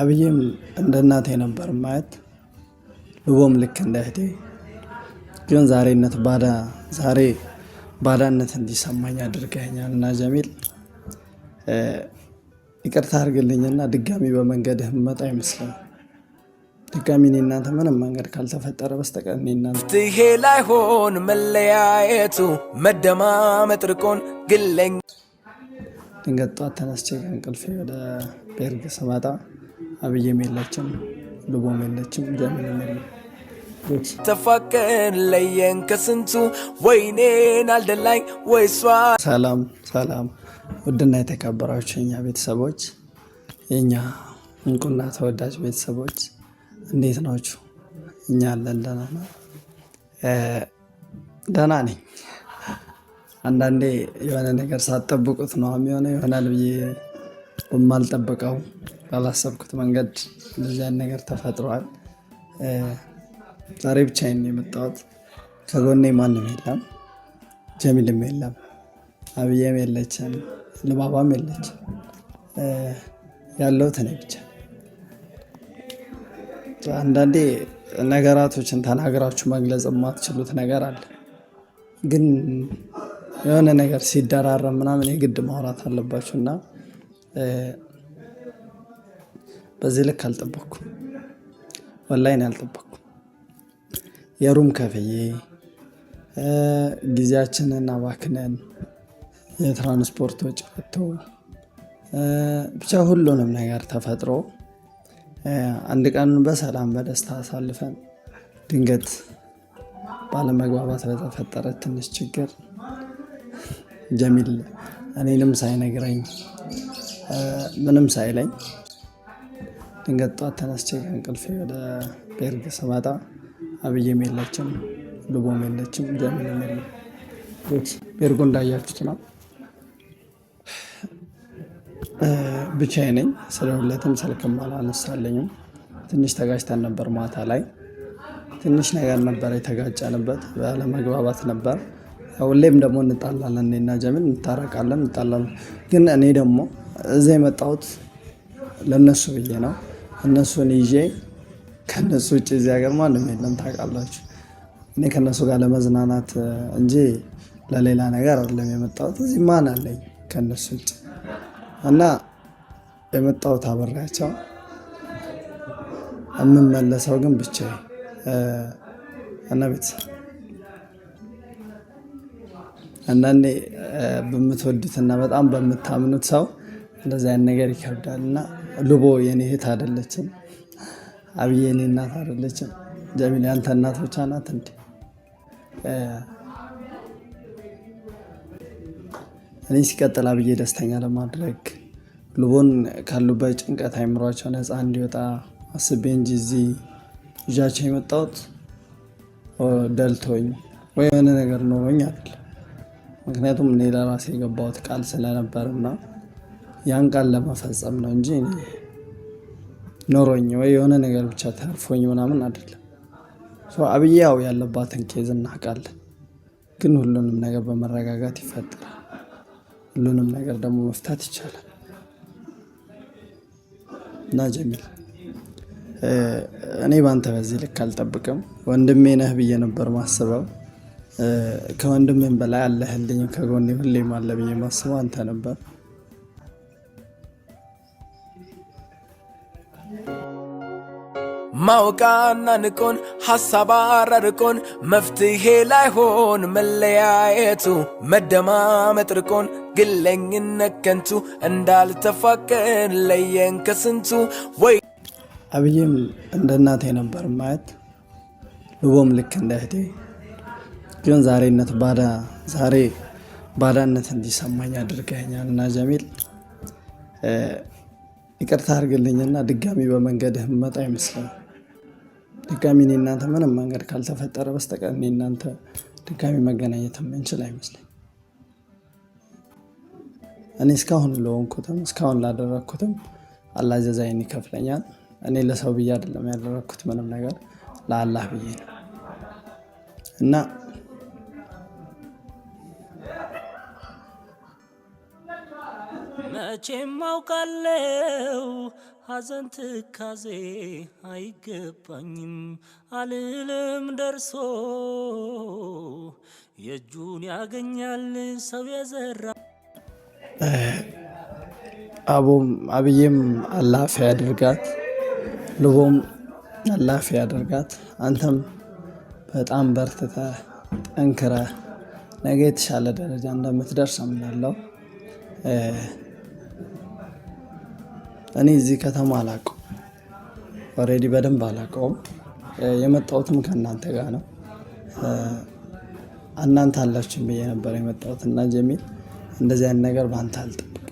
አብዬም እንደ እናቴ ነበር ማየት፣ ልቦም ልክ እንደ እህቴ። ግን ዛሬነት ባዳ ዛሬ ባዳነት እንዲሰማኝ አድርገኛል እና ጀሚል ይቅርታ አድርግልኝና ድጋሚ በመንገድህ መጣ ይመስላል ድጋሚ እኔ እናንተ ምንም መንገድ ካልተፈጠረ በስተቀር እኔ እናንተ ፍትሄ ላይሆን መለያየቱ መደማመጥ ርቆን ግለኝ ድንገት ጧት ተነስቼ ከእንቅልፌ ወደ ቤርግ ስመጣ አብዬም የለችም፣ ልቦም የለችም፣ ጀምንም የለም። ተፋቀን ለየን ከስንቱ ወይኔን አልደላኝ ወይሷ። ሰላም ሰላም! ውድና የተከበራችሁ የኛ ቤተሰቦች የኛ እንቁና ተወዳጅ ቤተሰቦች እንዴት ናችሁ? እኛ አለን ደህና ነው፣ ደህና ነኝ። አንዳንዴ የሆነ ነገር ሳትጠብቁት ነው የሚሆነው ይሆናል ብዬ በማልጠብቀው ባላሰብኩት መንገድ እንደዚያን ነገር ተፈጥሯል። ዛሬ ብቻዬን የመጣሁት ከጎኔ ማንም የለም፣ ጀሚልም የለም፣ አብዬም የለችም፣ ልባባም የለችም። ያለሁት እኔ ብቻ። አንዳንዴ ነገራቶችን ተናግራችሁ መግለጽ የማትችሉት ነገር አለ። ግን የሆነ ነገር ሲደራረብ ምናምን የግድ ማውራት አለባችሁ እና በዚህ ልክ አልጠበኩ ኦንላይን አልጠበኩ የሩም ከፍዬ ጊዜያችንን አባክነን የትራንስፖርት ወጪ ፈቶ ብቻ ሁሉንም ነገር ተፈጥሮ አንድ ቀኑን በሰላም በደስታ አሳልፈን ድንገት ባለመግባባት በተፈጠረ ትንሽ ችግር ጀሚል እኔንም ሳይነግረኝ ምንም ሳይለኝ ድንገት ጠዋት ተነስቼ ከእንቅልፌ ወደ ቤርግ ስመጣ አብዬም የለችም፣ ልቦም የለችም፣ ጀሚልም የለም። ቤርጎ እንዳያችሁት ነው። ብቻዬ ነኝ። ስለሁለትም ስልክም አላነሳለኝም። ትንሽ ተጋጭተን ነበር ማታ ላይ ትንሽ ነገር ነበር የተጋጨንበት፣ ባለመግባባት ነበር። ሁሌም ደግሞ እንጣላለን፣ እኔና ጀሚል እንታረቃለን፣ እንጣላለን። ግን እኔ ደግሞ እዛ የመጣሁት ለእነሱ ብዬ ነው። እነሱን ይዤ ከነሱ ውጭ እዚህ ሀገር ማንም የለም ታውቃላችሁ። እኔ ከነሱ ጋር ለመዝናናት እንጂ ለሌላ ነገር አይደለም የመጣሁት። እዚህ ማን አለኝ ከነሱ ውጭ እና የመጣሁት አብሬያቸው፣ የምመለሰው ግን ብቻ እና ቤተሰብ አንዳንዴ በምትወዱትና በጣም በምታምኑት ሰው እንደዚህ አይነት ነገር ይከብዳል እና ልቦ የኔ እህት አይደለችም። አብዬ የኔ እናት አይደለችም። ጀሚል ያንተ እናት ብቻ ናት እንዲ እኔ ሲቀጥል አብዬ ደስተኛ ለማድረግ ልቦን ካሉበት ጭንቀት አይምሯቸው ነፃ እንዲወጣ አስቤ እንጂ እዚህ ልጃቸው የመጣሁት ደልቶኝ ወይ የሆነ ነገር ኖሮኝ አይደለም። ምክንያቱም እኔ ለራሴ የገባሁት ቃል ስለነበርና ያን ቃል ለመፈጸም ነው እንጂ ኖሮኝ ወይ የሆነ ነገር ብቻ ተርፎኝ ምናምን አይደለም። አብያው ያለባትን ኬዝ እናውቃለን፣ ግን ሁሉንም ነገር በመረጋጋት ይፈጠራል። ሁሉንም ነገር ደግሞ መፍታት ይቻላል። እና ጀሚል እኔ በአንተ በዚህ ልክ አልጠብቅም። ወንድሜ ነህ ብዬ ነበር ማስበው። ከወንድሜም በላይ አለህልኝ ከጎኔ ሁሌም አለ ብዬ ማስበው አንተ ነበር። ማውቃና ንቆን ሐሳብ አራርቆን መፍትሄ ላይሆን መለያየቱ መደማመጥ ርቆን ግለኝነት ከንቱ እንዳልተፋቀን ለየን ከስንቱ ወይ አብዬም እንደ እናቴ ነበር ማየት ልቦም ልክ እንደ እህቴ ግን ዛሬነት ባዳ ዛሬ ባዳነት እንዲሰማኝ አድርገኛል እና ጀሚል ይቅርታ አድርግልኝና ድጋሚ በመንገድህ መጣ ይመስላል። ድጋሚ እኔ እናንተ ምንም መንገድ ካልተፈጠረ በስተቀር እኔ እናንተ ድጋሚ መገናኘት የምንችል አይመስለኝ። እኔ እስካሁን ለሆንኩትም እስካሁን ላደረግኩትም አላዘዛይን ይከፍለኛል። እኔ ለሰው ብዬ አይደለም ያደረግኩት ምንም ነገር ለአላህ ብዬ ነው እና መቼም አውቃለው ሐዘን ትካዜ አይገባኝም አልልም ደርሶ የእጁን ያገኛል ሰው የዘራ አቦም አብዬም አላፊ አድርጋት ልቦም አላፊ አድርጋት አንተም በጣም በርትተ ጠንክረ ነገ የተሻለ ደረጃ እንደምትደርስ አምናለሁ። እኔ እዚህ ከተማ አላውቀውም። ኦልሬዲ በደንብ አላውቀውም። የመጣሁትም ከእናንተ ጋር ነው። እናንተ አላችሁ ብዬ ነበር የመጣሁት እና ጀሚል እንደዚህ አይነት ነገር በአንተ አልጠብቅም።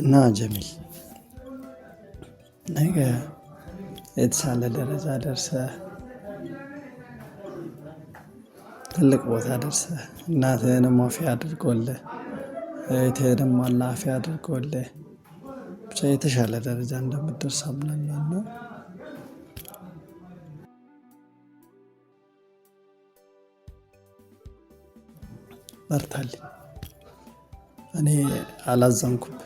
እና ጀሚል ነገ የተሻለ ደረጃ ደርሰህ ትልቅ ቦታ ደርሰ እናትህንም ወፌ አድርጎልህ እህትህንም አላህ አፌ ብቻ የተሻለ ደረጃ እንደምትደርስ አምናለሁ በርታልኝ። እኔ አላዘንኩብ፣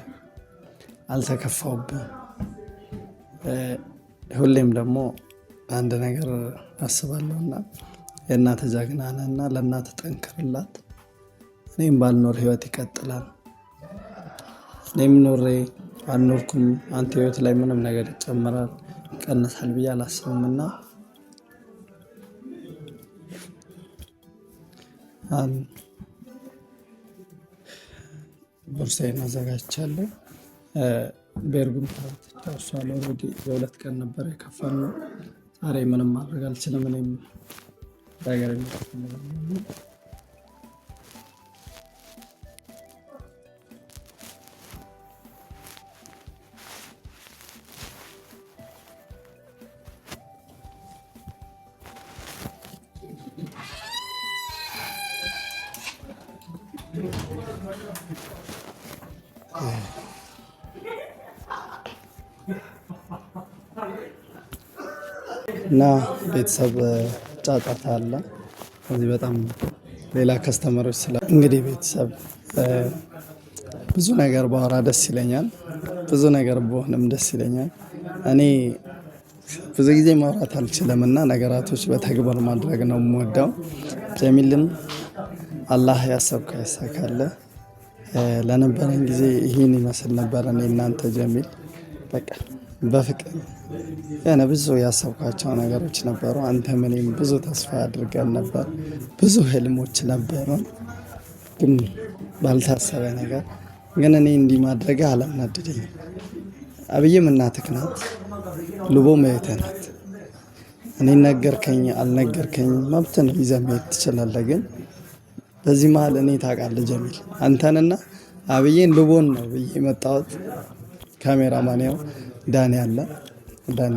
አልተከፋውብ። ሁሌም ደግሞ አንድ ነገር አስባለሁና የእናት ጀግና እና ለእናት ጠንክርላት። እኔም ባልኖር ህይወት ይቀጥላል። እኔም ኖሬ አልኖርኩም አንተ ህይወት ላይ ምንም ነገር ይጨምራል ይቀንሳል ብዬ አላስብም እና ቦርሳዬን አዘጋጅቻለሁ። ቤርጉን ታርትቻ የሁለት ቀን ነበር የከፋን። ዛሬ ምንም ማድረግ አልችልም እኔም I gotta now it's a uh, ጫጫታ አለ። እዚህ በጣም ሌላ ከስተመሮች ስለ እንግዲህ ቤተሰብ ብዙ ነገር ባወራ ደስ ይለኛል። ብዙ ነገር በሆንም ደስ ይለኛል። እኔ ብዙ ጊዜ ማውራት አልችልም እና ነገራቶች በተግባር ማድረግ ነው የምወደው። ጀሚልም አላህ ያሰብከው ያሳካለ። ለነበረን ጊዜ ይህን ይመስል ነበረ። እኔ እናንተ ጀሚል በቃ በፍቅር ያነ ብዙ ያሰብኳቸው ነገሮች ነበሩ። አንተም እኔም ብዙ ተስፋ አድርገን ነበር። ብዙ ህልሞች ነበሩ፣ ግን ባልታሰበ ነገር ግን እኔ እንዲህ ማድረግ አላናደደኝ። አብይም እናትህ ናት፣ ልቦም እህትህ ናት። እኔ ነገርከኝ አልነገርከኝ መብት ነው፣ ይዘህ መሄድ ትችላለህ። ግን በዚህ መሀል እኔ ታውቃለህ ጀሚል፣ አንተንና አብዬን ልቦን ነው ብዬ መጣሁት። ካሜራማን ያው ዳኒ አለ። ዳኒ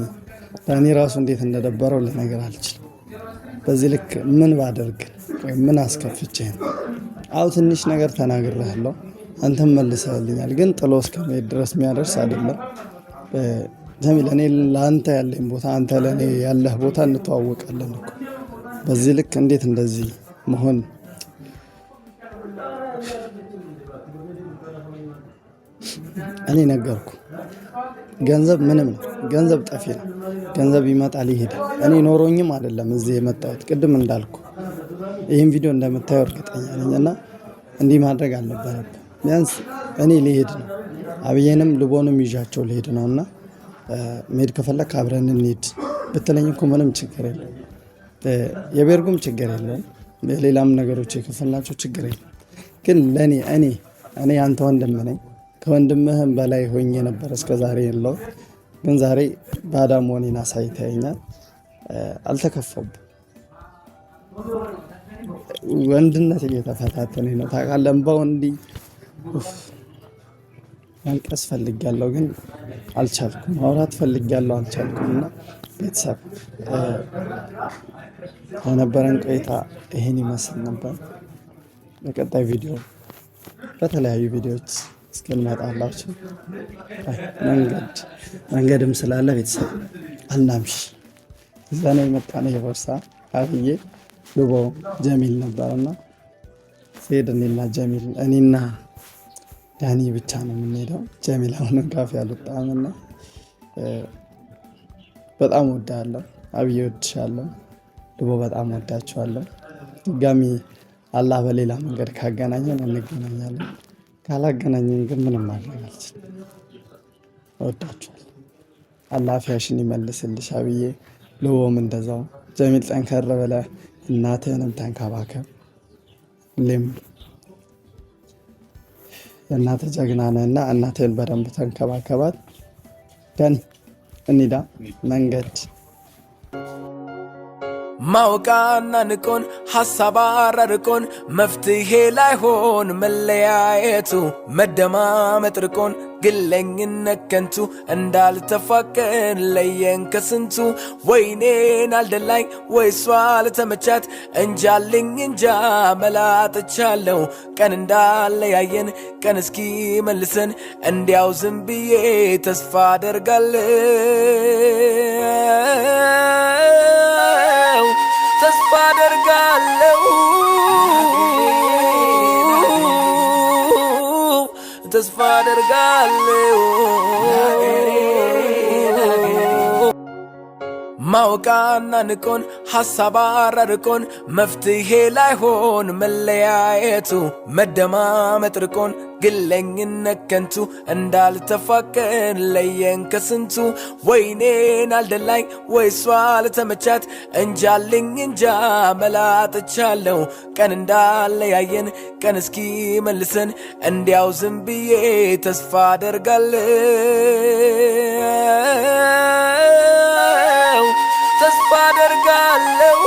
ዳኒ ራሱ እንዴት እንደደበረው ልነገር አልችልም። በዚህ ልክ ምን ባደርግ ወይም ምን አስከፍቼ ነው? አዎ ትንሽ ነገር ተናግሬሃለሁ፣ አንተም መልሰህልኛል። ግን ጥሎ እስከመሄድ ድረስ የሚያደርስ አይደለም። እኔ ለአንተ ያለኝ ቦታ፣ አንተ ለእኔ ያለህ ቦታ እንተዋወቃለን እኮ በዚህ ልክ እንዴት እንደዚህ መሆን እኔ ነገርኩ። ገንዘብ ምንም ነው። ገንዘብ ጠፊ ነው። ገንዘብ ይመጣል ይሄዳል። እኔ ኖሮኝም አይደለም እዚህ የመጣሁት። ቅድም እንዳልኩ ይህም ቪዲዮ እንደምታየው እርግጠኛ ነኝ እና እንዲህ ማድረግ አልነበረብ ቢያንስ እኔ ልሄድ ነው፣ አብዬንም ልቦንም ይዣቸው ልሄድ ነው እና መሄድ ከፈለክ አብረን እንሂድ ብትለኝ እኮ ምንም ችግር የለም። የቤርጉም ችግር የለም። የሌላም ነገሮች የከፈልናቸው ችግር የለም። ግን ለእኔ እኔ እኔ አንተ ወንድም ነኝ ከወንድምህም በላይ ሆኜ ነበር እስከ ዛሬ የለው ግን ዛሬ ባዳ መሆኔን አሳይተኸኛል። አልተከፈቡ ወንድነት እየተፈታተነ ነው ታውቃለህ። እምባው እንዲህ ማልቀስ ፈልጌያለሁ ግን አልቻልኩም። ማውራት ፈልጌያለሁ አልቻልኩም። እና ቤተሰብ የነበረን ቆይታ ይሄን ይመስል ነበር። በቀጣይ ቪዲዮ በተለያዩ ቪዲዮዎች እስክንመጣላችሁ መንገድ መንገድም ስላለ ቤተሰብ አልናምሽ እዛ ነው የመጣ ነው የቦርሳ አብዬ ልቦ ጀሚል ነበርና ስሄድ እኔና ጀሚል እኔና ዳኒ ብቻ ነው የምንሄደው። ጀሚል አሁንም ካፌ አልወጣምና በጣም ወዳለሁ። አብዬ ወድሻለሁ። ልቦ በጣም ወዳችኋለሁ። ድጋሚ አላህ በሌላ መንገድ ካገናኘን እንገናኛለን። ካላገናኘን ግን ምንም ማድረግ አልችልም። እወዳችኋል። አላፊያሽን ይመልስልሽ አብዬ። ልቦም እንደዛው። ጀሚል ጠንከር በለ እናትህንም ተንከባከብ። ሁሌም የእናትህ ጀግና እና እናትህን በደንብ ተንከባከባት። ደን እኒዳ መንገድ ማወቃና ንቆን ሐሳብ አራርቆን መፍትሄ ላይሆን መለያየቱ መደማመጥ ርቆን ግለኝነት ከንቱ እንዳልተፋቀን ለየን ከስንቱ ወይኔን አልደላኝ ወይሷ አልተመቻት እንጃልኝ እንጃ መላጥቻለው ቀን እንዳለያየን ቀን እስኪ መልሰን እንዲያው ዝም ብዬ ተስፋ አደርጋለን አደርጋለሁ ተስፋ አደርጋለሁ ማወቃና ንቆን ሐሳብ አራርቆን መፍትሄ ላይሆን መለያየቱ መደማመጥ ርቆን ግለኝነት ከንቱ እንዳልተፋቀን ለየን ከስንቱ ወይኔን አልደላኝ ወይሷ አልተመቻት እንጃልኝ እንጃ መላጥቻለው ቀን እንዳለያየን ቀን እስኪ መልሰን እንዲያው ዝም ብዬ ተስፋ አደርጋለሁ አደርጋለሁ